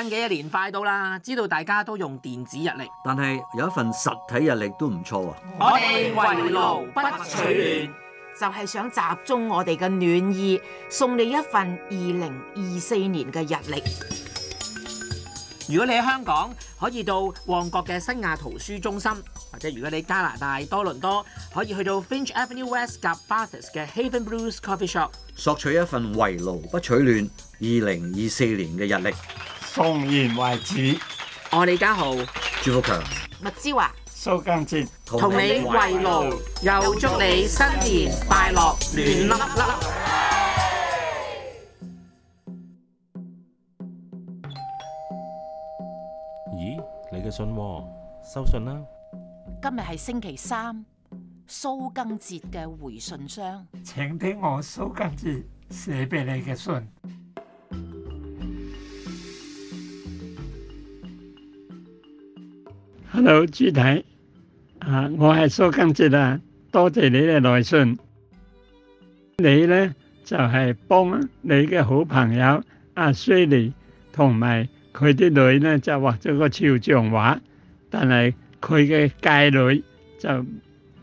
新嘅一年快到啦，知道大家都用電子日曆，但係有一份實體日曆都唔錯啊！我哋為勞不取暖，就係想集中我哋嘅暖意，送你一份2024年嘅日曆。如果你喺香港，可以到旺角嘅新亞圖書中心，或者如果你加拿大多倫多，可以去到 Finch Avenue West 加 Bathurst 嘅 Haven Blues Coffee Shop，索取一份為勞不取暖2024年嘅日曆。同言為止，我李家豪，朱福強，麥之華，蘇賡哲，同你為奴，又祝你新年快樂，圓碌碌。咦？你嘅信？收信啦！今日係星期三，蘇賡哲嘅回信箱。請聽我蘇賡哲寫俾你嘅信。Hello，朱太，啊，我係蘇賡哲啊，多謝你嘅來信。你咧就係幫你嘅好朋友阿 Sherry 同埋佢啲女咧就畫咗個肖像畫，但係佢嘅契女就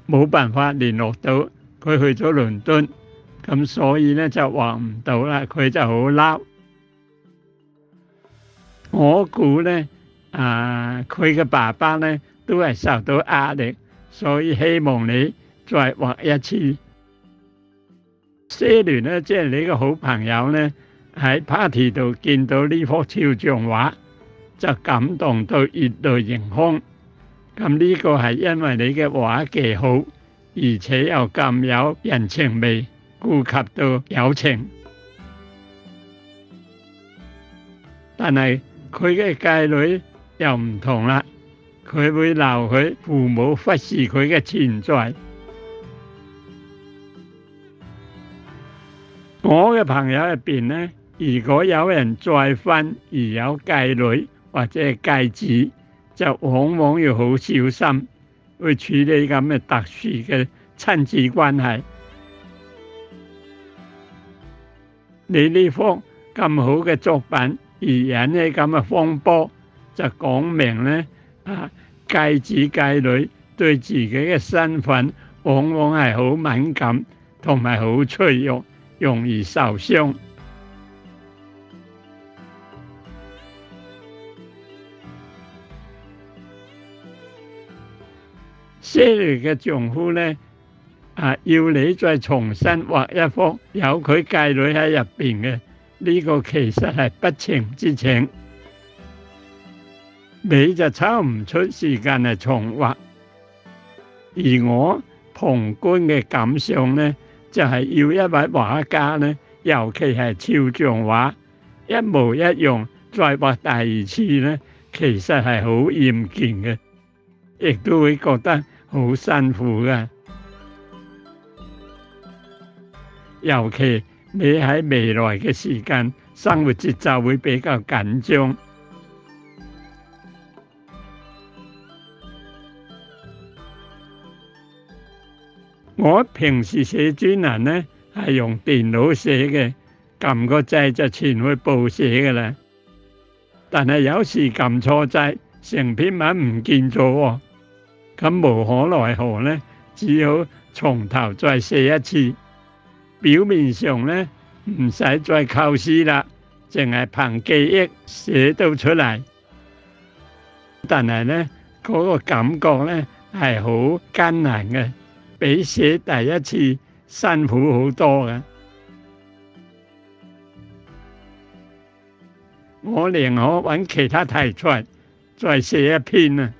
冇辦法聯絡到，佢去咗倫敦，咁所以咧就畫唔到啦，佢就好嬲。我估咧。啊！佢嘅爸爸呢都係受到壓力，所以希望你再畫一次。薛聯呢，即係你嘅好朋友呢，喺 party 度見到呢幅肖像畫，就感動到熱淚盈眶。咁呢個係因為你嘅畫技好，而且又咁有人情味，顧及到友情。但係佢嘅繼女。又唔同啦，佢會鬧佢父母忽視佢嘅存在。我嘅朋友入邊呢，如果有人再婚而有繼女或者繼子，就往往要好小心，去處理咁嘅特殊嘅親子關係。你呢幅咁好嘅作品，而引起咁嘅風波。就講明呢，啊，繼子繼女對自己嘅身份往往係好敏感，同埋好脆弱，容易受傷。Cary 嘅丈夫呢，啊，要你再重新畫一幅有佢繼女喺入邊嘅，呢個其實係不情之請。你就抽唔出時間嚟重畫，而我旁觀嘅感想咧，就係要一位畫家咧，尤其係肖像畫，一模一樣再畫第二次咧，其實係好厭倦嘅，亦都會覺得好辛苦㗎。尤其你喺未來嘅時間，生活節奏會比較緊張。我平時寫專欄呢，係用電腦寫嘅，撳個掣就傳去報寫嘅啦。但係有時撳錯掣，成篇文唔見咗喎、哦。咁無可奈何呢，只好從頭再寫一次。表面上呢，唔使再構思啦，淨係憑記憶寫到出嚟。但係呢，嗰、那個感覺呢，係好艱難嘅。比寫第一次辛苦好多嘅，我寧可揾其他題材再寫一篇啊！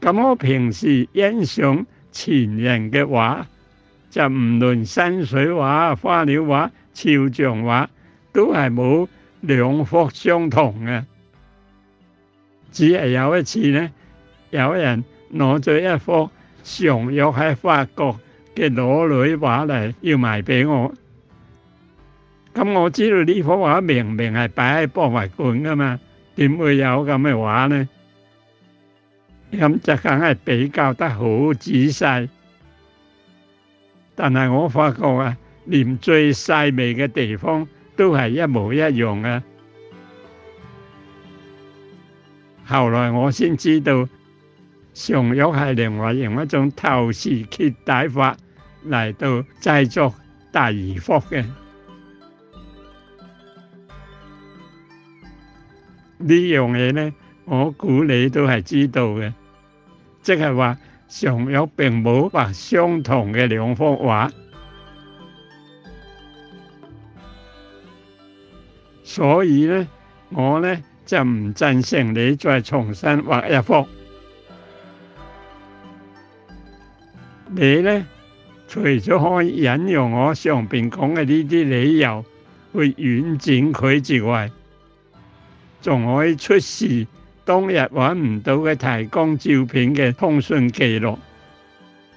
咁我平時欣賞前人嘅畫，就唔論山水畫、花鳥畫、肖像畫，都係冇兩幅相同嘅，只係有一次咧。有人攞咗一幅常有喺法國嘅裸女畫嚟，要賣俾我，咁我知道呢幅畫明明係擺喺博物館㗎嘛，點會有咁嘅畫呢？咁就梗係比較得好仔細，但係我發覺啊，連最細微嘅地方都係一模一樣啊！後來我先知道。常玉係另外用一種透視揭底法嚟到製作第二幅嘅呢樣嘢呢，我估你都係知道嘅，即係話常玉並冇畫相同嘅兩幅畫，所以呢我呢就唔贊成你再重新畫一幅。你呢，除咗可以引用我上邊講嘅呢啲理由，去婉轉佢之外，仲可以出示當日搵唔到嘅提供照片嘅通訊記錄，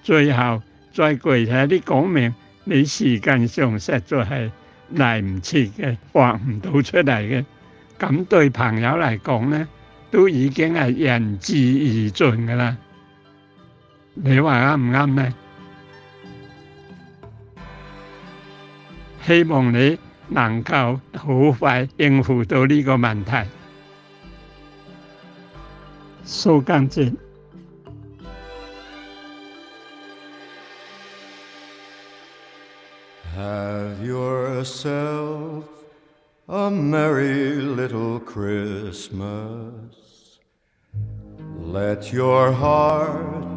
最後再具體啲講明，你時間上實在係嚟唔切嘅，畫唔到出嚟嘅，咁對朋友嚟講呢，都已經係仁至義盡噶啦。你話啱唔啱呢？希望你能夠好快應付到呢個問題，收乾淨。Have yourself a merry little Christmas, let your heart